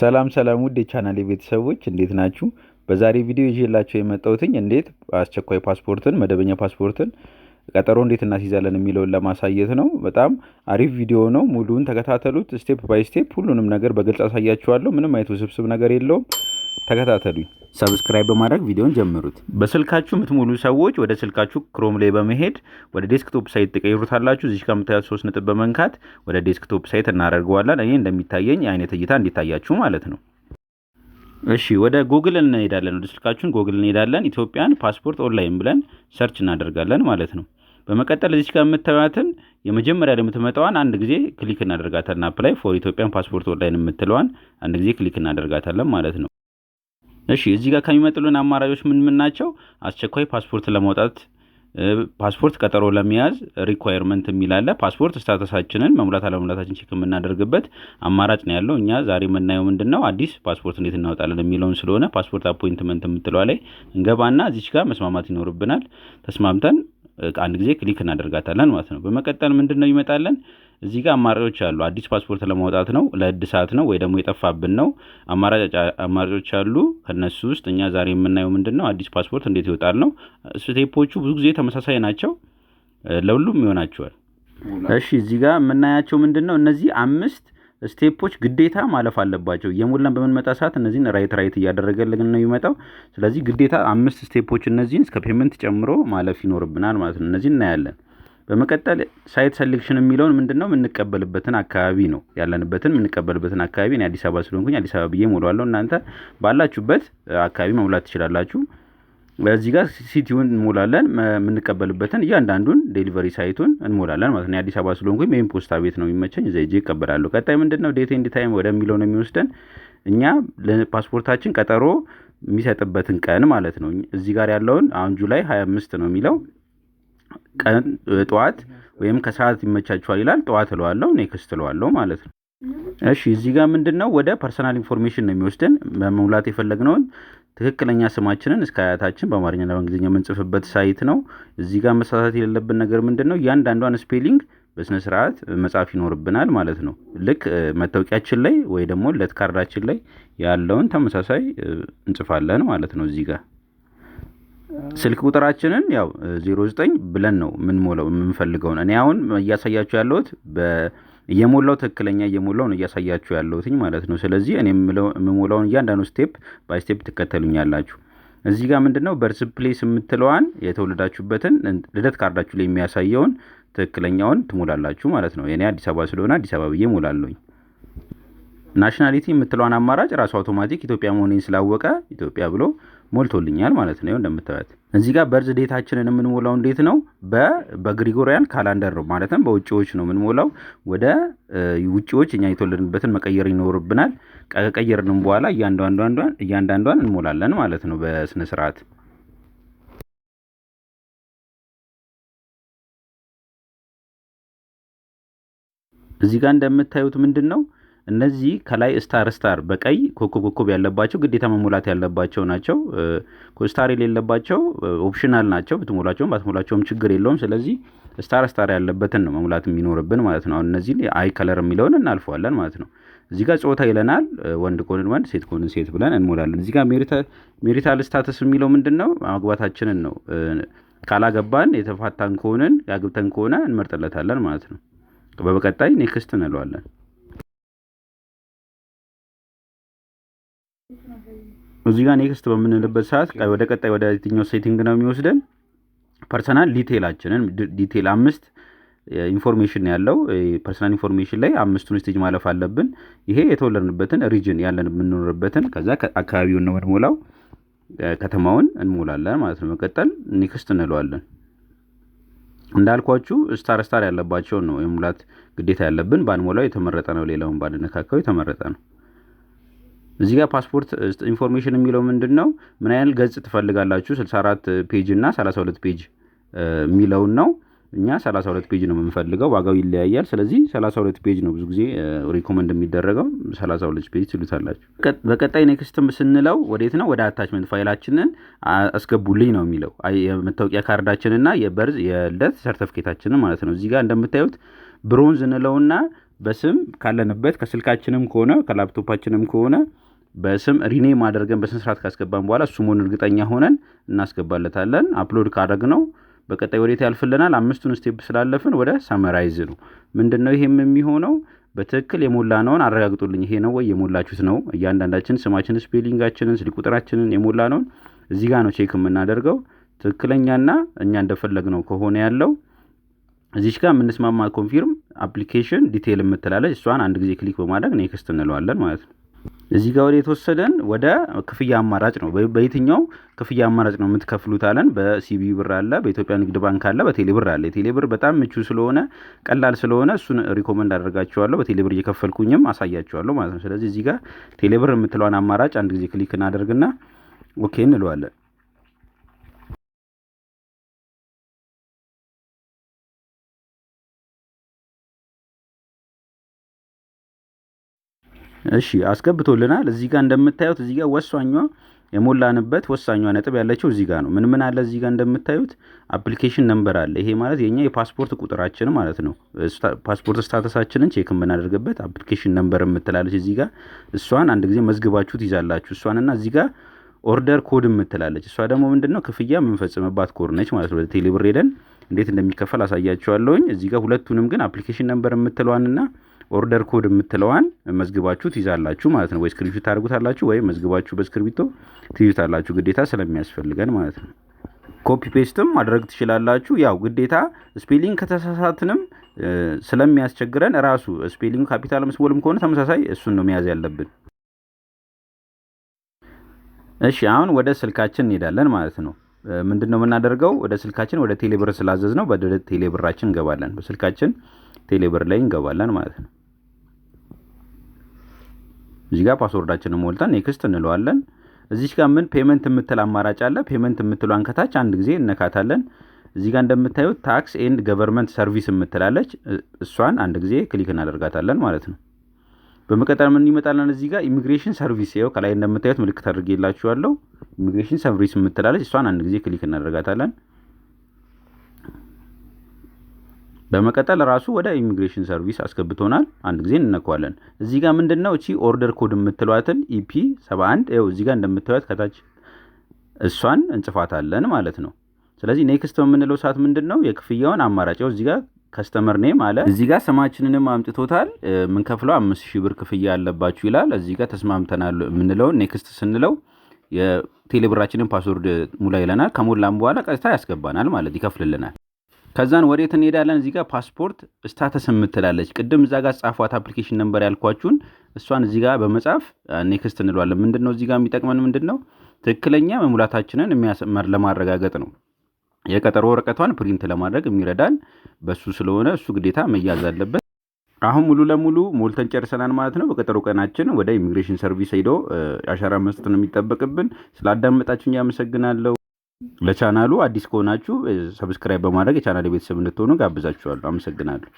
ሰላም ሰላም ውድ የቻናል ቤተሰቦች እንዴት ናችሁ? በዛሬ ቪዲዮ ይዤላቸው የመጣሁትኝ እንዴት አስቸኳይ ፓስፖርትን መደበኛ ፓስፖርትን ቀጠሮ እንዴት እናስይዛለን የሚለውን ለማሳየት ነው። በጣም አሪፍ ቪዲዮ ነው። ሙሉውን ተከታተሉት። ስቴፕ ባይ ስቴፕ ሁሉንም ነገር በግልጽ አሳያችኋለሁ። ምንም አይነት ውስብስብ ነገር የለውም። ተከታተሉኝ። ሰብስክራይብ በማድረግ ቪዲዮን ጀምሩት። በስልካችሁ የምትሞሉ ሰዎች ወደ ስልካችሁ ክሮም ላይ በመሄድ ወደ ዴስክቶፕ ሳይት ትቀይሩታላችሁ። እዚህ ጋር የምታዩት ሶስት ነጥብ በመንካት ወደ ዴስክቶፕ ሳይት እናደርገዋለን። እኔ እንደሚታየኝ የአይነት እይታ እንዲታያችሁ ማለት ነው። እሺ ወደ ጉግል እንሄዳለን። ወደ ስልካችን ጉግል እንሄዳለን። ኢትዮጵያን ፓስፖርት ኦንላይን ብለን ሰርች እናደርጋለን ማለት ነው። በመቀጠል እዚህ ጋር የምታዩትን የመጀመሪያ ላይ የምትመጣዋን አንድ ጊዜ ክሊክ እናደርጋታለን። አፕላይ ፎር ኢትዮጵያን ፓስፖርት ኦንላይን የምትለዋን አንድ ጊዜ ክሊክ እናደርጋታለን ማለት ነው። እሺ እዚህ ጋር ከሚመጥሉን አማራጮች ምን ምን ናቸው? አስቸኳይ ፓስፖርት ለማውጣት ፓስፖርት ቀጠሮ ለመያዝ ሪኳየርመንት የሚል አለ። ፓስፖርት ስታተሳችንን መሙላት አለመሙላታችን ቼክ የምናደርግበት አማራጭ ነው ያለው። እኛ ዛሬ የምናየው ምንድን ነው አዲስ ፓስፖርት እንዴት እናወጣለን የሚለውን ስለሆነ ፓስፖርት አፖይንትመንት የምትለዋ ላይ እንገባና እዚች ጋር መስማማት ይኖርብናል። ተስማምተን አንድ ጊዜ ክሊክ እናደርጋታለን ማለት ነው። በመቀጠል ምንድን ነው ይመጣለን እዚህ ጋር አማራጮች አሉ። አዲስ ፓስፖርት ለማውጣት ነው፣ ለእድሳት ነው፣ ወይ ደግሞ የጠፋብን ነው። አማራጮች አሉ። ከነሱ ውስጥ እኛ ዛሬ የምናየው ምንድን ነው? አዲስ ፓስፖርት እንዴት ይወጣል ነው። ስቴፖቹ ብዙ ጊዜ ተመሳሳይ ናቸው፣ ለሁሉም ይሆናቸዋል። እሺ፣ እዚህ ጋር የምናያቸው ምንድን ነው? እነዚህ አምስት ስቴፖች ግዴታ ማለፍ አለባቸው። እየሞላን በምንመጣ ሰዓት እነዚህን ራይት ራይት እያደረገልን ነው የሚመጣው። ስለዚህ ግዴታ አምስት ስቴፖች እነዚህን እስከ ፔመንት ጨምሮ ማለፍ ይኖርብናል ማለት ነው። እነዚህን እናያለን። በመቀጠል ሳይት ሰሌክሽን የሚለውን ምንድን ነው የምንቀበልበትን አካባቢ ነው ያለንበትን የምንቀበልበትን አካባቢ እኔ አዲስ አበባ ስለሆንኩኝ አዲስ አበባ ብዬ ሞላለሁ። እናንተ ባላችሁበት አካባቢ መሙላት ትችላላችሁ። በዚህ ጋር ሲቲውን እንሞላለን። የምንቀበልበትን እያንዳንዱን ዴሊቨሪ ሳይቱን እንሞላለን ማለት ነው። የአዲስ አበባ ስለሆንኩኝ ወይም ፖስታ ቤት ነው የሚመቸኝ፣ እዛ ጅ ይቀበላለሁ። ቀጣይ ምንድን ነው ዴት ኤንድ ታይም ወደሚለው ነው የሚወስደን። እኛ ፓስፖርታችን ቀጠሮ የሚሰጥበትን ቀን ማለት ነው። እዚህ ጋር ያለውን አሁን ጁላይ ሀያ አምስት ነው የሚለው ቀን ጠዋት ወይም ከሰዓት ይመቻችኋል ይላል። ጠዋት እለዋለሁ፣ ኔክስት እለዋለሁ ማለት ነው። እሺ እዚህ ጋር ምንድን ነው ወደ ፐርሰናል ኢንፎርሜሽን ነው የሚወስደን። በመሙላት የፈለግነውን ትክክለኛ ስማችንን እስከ አያታችን በአማርኛና በእንግሊዝኛ የምንጽፍበት ሳይት ነው። እዚህ ጋር መሳሳት የሌለብን ነገር ምንድን ነው እያንዳንዷን ስፔሊንግ በስነ ስርዓት መጻፍ ይኖርብናል ማለት ነው። ልክ መታወቂያችን ላይ ወይ ደግሞ ለት ካርዳችን ላይ ያለውን ተመሳሳይ እንጽፋለን ማለት ነው እዚህ ጋር ስልክ ቁጥራችንን ያው 09 ብለን ነው የምንሞላው የምንፈልገውን። እኔ አሁን እያሳያችሁ ያለሁት እየሞላው ትክክለኛ እየሞላውን እያሳያችሁ ያለሁትኝ ማለት ነው። ስለዚህ እኔ የምሞላውን እያንዳንዱ ስቴፕ ባይ ስቴፕ ትከተሉኛላችሁ። እዚህ ጋር ምንድን ነው በርስ ፕሌስ የምትለዋን የተወለዳችሁበትን ልደት ካርዳችሁ ላይ የሚያሳየውን ትክክለኛውን ትሞላላችሁ ማለት ነው። እኔ አዲስ አበባ ስለሆነ አዲስ አበባ ብዬ ሞላለኝ። ናሽናሊቲ የምትለዋን አማራጭ ራሱ አውቶማቲክ ኢትዮጵያ መሆኔን ስላወቀ ኢትዮጵያ ብሎ ሞልቶልኛል ማለት ነው። እንደምታዩት እዚህ ጋር በርዝ ዴታችንን የምንሞላው እንዴት ነው? በግሪጎሪያን ካላንደር ነው ማለትም በውጭዎች ነው የምንሞላው። ወደ ውጭዎች እኛ የተወለድንበትን መቀየር ይኖርብናል። ከቀየርንም በኋላ እያንዳንዷን እንሞላለን ማለት ነው በስነስርዓት እዚህ ጋር እንደምታዩት ምንድን ነው እነዚህ ከላይ ስታር ስታር በቀይ ኮኮብ ኮኮብ ያለባቸው ግዴታ መሙላት ያለባቸው ናቸው። ስታር የሌለባቸው ኦፕሽናል ናቸው። ብትሞላቸውም ባትሞላቸውም ችግር የለውም። ስለዚህ ስታር ስታር ያለበትን ነው መሙላት የሚኖርብን ማለት ነው። አሁን እነዚህን አይ ከለር የሚለውን እናልፈዋለን ማለት ነው። እዚህ ጋር ጾታ ይለናል። ወንድ ከሆንን ወንድ፣ ሴት ከሆንን ሴት ብለን እንሞላለን። እዚህ ጋር ሜሪታል ስታተስ የሚለው ምንድን ነው? ማግባታችንን ነው። ካላገባን የተፋታን ከሆንን ያግብተን ከሆነ እንመርጥለታለን ማለት ነው። በበቀጣይ ኔክስት እንለዋለን። እዚህ ጋር ኔክስት በምንልበት ሰዓት ወደ ቀጣይ ወደ የትኛው ሴቲንግ ነው የሚወስደን? ፐርሰናል ዲቴይላችንን ዲቴይል አምስት ኢንፎርሜሽን ያለው ፐርሰናል ኢንፎርሜሽን ላይ አምስቱን ስቴጅ ማለፍ አለብን። ይሄ የተወለድንበትን ሪጅን ያለን የምንኖርበትን፣ ከዛ አካባቢውን ነው የምንሞላው፣ ከተማውን እንሞላለን ማለት ነው። መቀጠል ኔክስት እንለዋለን። እንዳልኳችሁ ስታር ስታር ያለባቸውን ነው የሙላት ግዴታ ያለብን። ባንሞላው የተመረጠ ነው፣ ሌላውን ባንነካካው የተመረጠ ነው። እዚህ ጋር ፓስፖርት ኢንፎርሜሽን የሚለው ምንድን ነው? ምን ያህል ገጽ ትፈልጋላችሁ? 64 ፔጅ እና 32 ፔጅ የሚለውን ነው። እኛ 32 ፔጅ ነው የምንፈልገው። ዋጋው ይለያያል። ስለዚህ 32 ፔጅ ነው ብዙ ጊዜ ሪኮመንድ የሚደረገው። 32 ፔጅ ትሉታላችሁ። በቀጣይ ኔክስትም ስንለው ወዴት ነው? ወደ አታችመንት ፋይላችንን አስገቡልኝ ነው የሚለው የመታወቂያ ካርዳችንና የበርዝ የልደት ሰርተፍኬታችንን ማለት ነው። እዚህ ጋር እንደምታዩት ብሮንዝ እንለውና በስም ካለንበት ከስልካችንም ከሆነ ከላፕቶፓችንም ከሆነ በስም ሪኔም አድርገን በስነ ስርዓት ካስገባን በኋላ እሱ እርግጠኛ ሆነን እናስገባለታለን። አፕሎድ ነው በቀጣይ ወዴት ያልፍልናል? አምስቱን ስቴፕ ስላለፍን ወደ ሰመራይዝ ነው። ምንድን ነው ይሄም የሚሆነው በትክክል የሞላነውን አረጋግጡልኝ፣ ይሄ ነው ወይ የሞላችሁት ነው። እያንዳንዳችን ስማችን፣ ስፔሊንጋችንን፣ ስልክ ቁጥራችንን ነውን እዚህ ጋር ነው ቼክ የምናደርገው። ትክክለኛና እኛ እንደፈለግነው ከሆነ ያለው እዚች ጋር የምንስማማ ኮንፊርም አፕሊኬሽን ዲቴይል የምትላለች እሷን አንድ ጊዜ ክሊክ በማድረግ ኔክስት እንለዋለን ማለት ነው። እዚህ ጋር ወደ የተወሰደን ወደ ክፍያ አማራጭ ነው። በየትኛው ክፍያ አማራጭ ነው የምትከፍሉት አለን። በሲቢ ብር አለ፣ በኢትዮጵያ ንግድ ባንክ አለ፣ በቴሌ ብር አለ። የቴሌ ብር በጣም ምቹ ስለሆነ ቀላል ስለሆነ እሱን ሪኮመንድ አደርጋችኋለሁ። በቴሌ ብር እየከፈልኩኝም አሳያችኋለሁ ማለት ነው። ስለዚህ እዚህ ጋር ቴሌ ብር የምትለዋን አማራጭ አንድ ጊዜ ክሊክ እናደርግና ኦኬ እንለዋለን። እሺ አስገብቶልናል። እዚህ ጋር እንደምታዩት እዚህ ጋር ወሳኟ የሞላንበት ወሳኟ ነጥብ ያለችው እዚህ ጋር ነው። ምን ምን አለ እዚህ ጋር እንደምታዩት አፕሊኬሽን ነምበር አለ። ይሄ ማለት የኛ የፓስፖርት ቁጥራችን ማለት ነው። ፓስፖርት ስታተሳችንን ቼክ የምናደርግበት አፕሊኬሽን ነምበር የምትላለች እዚህ ጋር እሷን አንድ ጊዜ መዝግባችሁ ትይዛላችሁ። እሷንና እዚህ ጋር ኦርደር ኮድ የምትላለች እሷ ደግሞ ምንድነው ክፍያ የምንፈጽምባት ኮድ ነች ማለት ነው። ቴሌብር ሄደን እንዴት እንደሚከፈል አሳያችኋለሁኝ። እዚህ ጋር ሁለቱንም ግን አፕሊኬሽን ነምበር የምትለዋንና ኦርደር ኮድ የምትለዋን መዝግባችሁ ትይዛላችሁ ማለት ነው። ወይ ስክሪንሾት ታደርጉታላችሁ ወይም መዝግባችሁ በስክሪብቶ ትይዙታላችሁ ግዴታ ስለሚያስፈልገን ማለት ነው። ኮፒ ፔስትም ማድረግ ትችላላችሁ። ያው ግዴታ ስፔሊንግ ከተሳሳትንም ስለሚያስቸግረን ራሱ ስፔሊንግ ካፒታል ስሞልም ከሆነ ተመሳሳይ እሱን ነው መያዝ ያለብን። እሺ አሁን ወደ ስልካችን እንሄዳለን ማለት ነው። ምንድን ነው የምናደርገው? ወደ ስልካችን ወደ ቴሌብር ስላዘዝ ነው ቴሌብራችን እንገባለን። በስልካችን ቴሌብር ላይ እንገባለን ማለት ነው። እዚህ ጋር ፓስወርዳችንን ሞልተን ኔክስት እንለዋለን። እዚች ጋር ምን ፔመንት የምትል አማራጭ አለ። ፔመንት የምትሏን ከታች አንድ ጊዜ እነካታለን። እዚህ ጋር እንደምታዩት ታክስ ኤንድ ገቨርንመንት ሰርቪስ የምትላለች እሷን አንድ ጊዜ ክሊክ እናደርጋታለን ማለት ነው። በመቀጠል ምን ይመጣለን? እዚህ ጋር ኢሚግሬሽን ሰርቪስ ው ከላይ እንደምታዩት ምልክት አድርጌላችኋለሁ። ኢሚግሬሽን ሰርቪስ የምትላለች እሷን አንድ ጊዜ ክሊክ እናደርጋታለን። በመቀጠል ራሱ ወደ ኢሚግሬሽን ሰርቪስ አስገብቶናል። አንድ ጊዜ እንነኳለን። እዚህ ጋር ምንድን ነው እቺ ኦርደር ኮድ የምትሏትን ኢፒ 71 ው እዚህ ጋር እንደምታዩት ከታች እሷን እንጽፋታለን ማለት ነው። ስለዚህ ኔክስት በምንለው ሰዓት ምንድን ነው የክፍያውን አማራጭ ው እዚህ ጋር ከስተመር ኔም አለ እዚህ ጋር ስማችንንም አምጥቶታል። የምንከፍለው አምስት ሺህ ብር ክፍያ አለባችሁ ይላል። እዚህ ጋር ተስማምተናል የምንለውን ኔክስት ስንለው የቴሌብራችንን ፓስወርድ ሙላ ይለናል። ከሞላም በኋላ ቀጥታ ያስገባናል ማለት ይከፍልልናል። ከዛን ወዴት እንሄዳለን? እዚህ ጋር ፓስፖርት ስታተስ የምትላለች ቅድም እዛ ጋር ጻፏት አፕሊኬሽን ነንበር ያልኳችሁን እሷን እዚህ ጋር በመጻፍ ኔክስት እንለዋለን። ምንድን ነው እዚህ ጋር የሚጠቅመን ምንድን ነው? ትክክለኛ መሙላታችንን ለማረጋገጥ ነው። የቀጠሮ ወረቀቷን ፕሪንት ለማድረግ የሚረዳን በሱ ስለሆነ እሱ ግዴታ መያዝ አለበት። አሁን ሙሉ ለሙሉ ሞልተን ጨርሰናል ማለት ነው። በቀጠሮ ቀናችን ወደ ኢሚግሬሽን ሰርቪስ ሄዶ አሻራ መስጠት ነው የሚጠበቅብን። ስላዳመጣችሁኝ ያመሰግናለሁ። ለቻናሉ አዲስ ከሆናችሁ ሰብስክራይብ eh, በማድረግ የቻናል ቤተሰብ እንድትሆኑ ጋብዛችኋለሁ። አመሰግናለሁ።